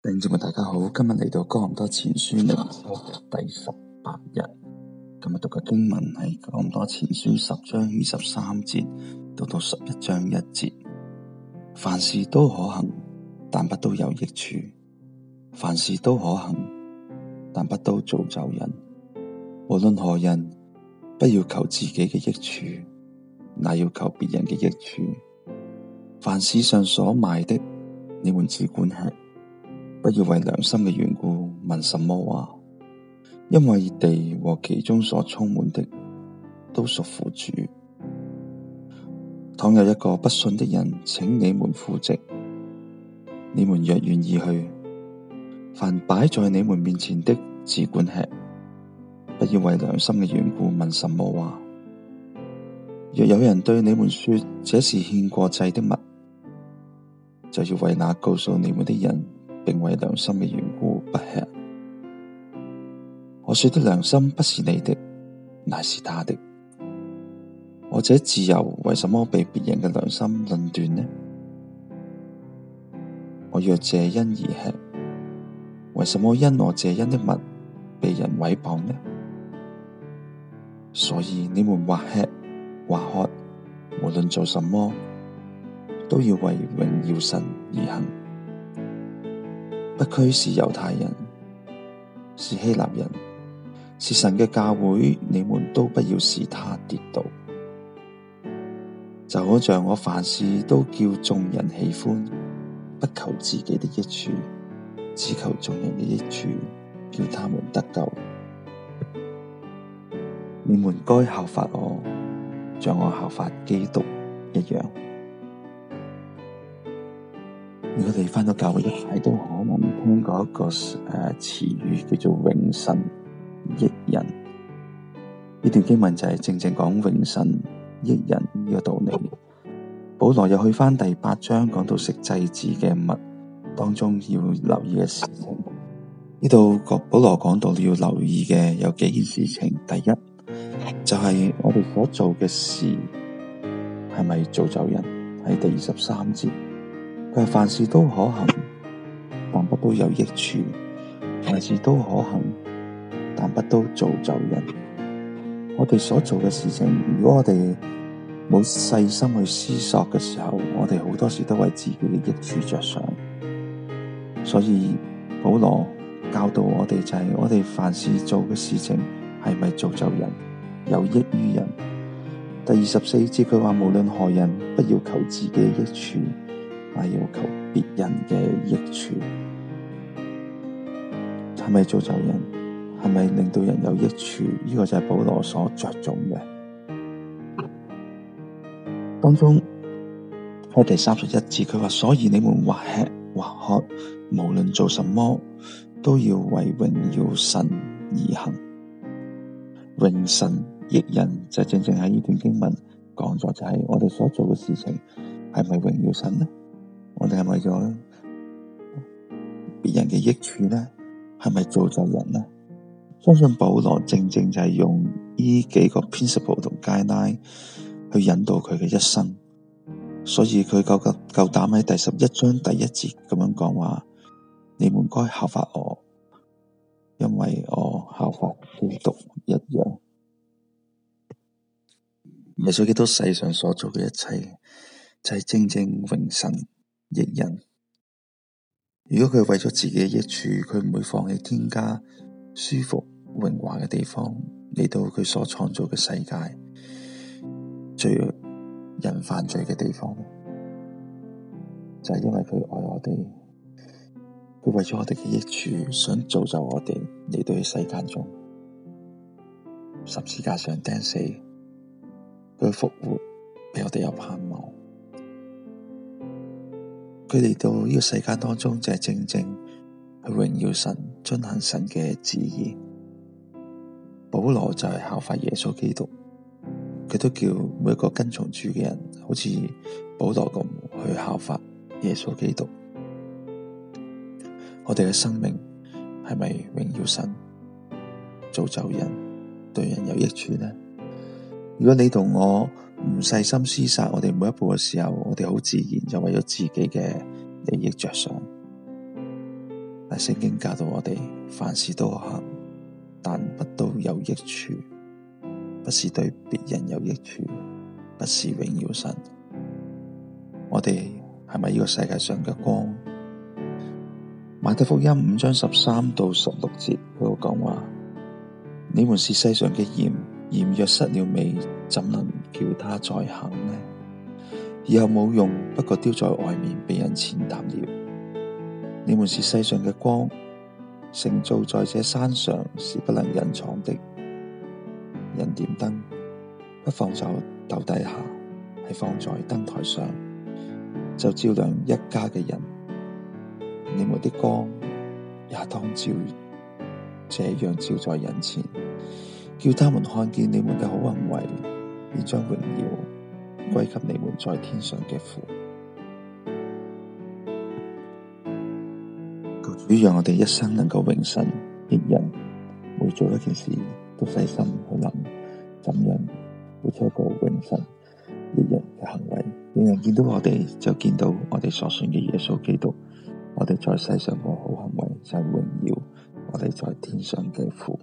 聽眾們大家好，今日嚟到《哥林多前書》第十八日，今日讀嘅經文係《哥林多前書》十章二十三節讀到十一章一節。凡事都可行，但不都有益處；凡事都可行，但不都造就人。無論何人，不要求自己嘅益處，乃要求別人嘅益處。凡市上所賣的，你們只管吃。不要為良心嘅緣故問什麼話，因為地和其中所充滿的都屬乎主。倘有一個不信的人，請你們赴席，你們若願意去，凡擺在你們面前的，只管吃。不要為良心嘅緣故問什麼話。若有人對你們說，這是獻過祭的物，就要為那告訴你們的人，並為良心嘅緣故，不吃。我說的良心不是你的，乃是他的。我這自由為什麼被別人嘅良心論斷呢？我若謝恩而吃，為什麼因我謝恩的物被人毀謗呢？所以你們或吃或喝，無論做什麼，都要為榮耀神而行。不拘是猶太人，是希臘人，是神嘅教會，你們都不要使他跌倒。就好像我凡事都叫眾人喜歡，不求自己的益處，只求眾人嘅益處，叫他們得救。你們該效法我，像我效法基督一樣。我哋翻到教會一排都可能聽過一個誒、呃、詞語叫做榮神益人，呢段經文就係正正講榮神益人呢個道理。保羅又去翻第八章講到食祭祀嘅物當中要留意嘅事情，呢度個保羅講到要留意嘅有幾件事情，第一就係、是、我哋所做嘅事係咪造就人，喺第二十三節。佢話凡事都可行，但不都有益處；凡事都可行，但不都造就人。我哋所做嘅事情，如果我哋冇細心去思索嘅時候，我哋好多時都為自己嘅益處着想。所以保羅教導我哋就係：我哋凡事做嘅事情係咪造就人，有益於人？第二十四節佢話：無論何人，不要求自己嘅益處。我要求別人嘅益處係咪造就人？係咪令到人有益處？呢、這個就係保羅所着重嘅。當中，喺第三十一節，佢話：所以你們或吃或喝，無論做什麼，都要為榮耀神而行。榮神益人就是、正正喺呢段經文講咗，就係、是、我哋所做嘅事情係咪榮耀神呢？我哋係咪咗別人嘅益處咧，係咪造就人咧？相信保羅正正就係用呢幾個 principle 同 guideline 去引導佢嘅一生，所以佢夠夠膽喺第十一章第一節咁樣講話：你們該效法我，因為我效法基督一樣。唔係所以，幾多世上所做嘅一切，就係正正榮神。益人，如果佢為咗自己嘅益處，佢唔會放棄天家舒服榮華嘅地方嚟到佢所創造嘅世界，罪人犯罪嘅地方，就係、是、因為佢愛我哋，佢為咗我哋嘅益處，想造就我哋嚟到佢世界中十字架上釘死，佢復活俾我哋有盼望。佢嚟到呢個世界當中，就係正正去榮耀神、遵行神嘅旨意。保羅就係效法耶穌基督，佢都叫每一個跟從主嘅人，好似保羅咁去效法耶穌基督。我哋嘅生命係咪榮耀神、造就人、對人有益處呢？如果你同我，唔細心思考，我哋每一步嘅時候，我哋好自然就為咗自己嘅利益着想。但聖經教導我哋，凡事都可行，但不都有益處，不是對別人有益處，不是榮耀神。我哋係咪呢個世界上嘅光？馬太福音五章十三到十六節佢個講話，你們是世上嘅鹽，鹽若失了味。怎能叫他再行呢？以後冇用，不過丟在外面，被人踐踏了。你們是世上嘅光，城造在這山上是不能隱藏的。人點燈，不放在斗底下，係放在燈台上，就照亮一家嘅人。你們的光也當照這樣照在人前，叫他們看見你們嘅好行為。而將榮耀歸給你們在天上嘅父， 主讓我哋一生能夠永生。益人榮神益人，每做一件事都細心去諗，怎樣做出一個榮神益人嘅行為，讓人見到我哋就見到我哋所信嘅耶穌基督，我哋再在世上個好行為就係榮耀我哋在天上嘅父。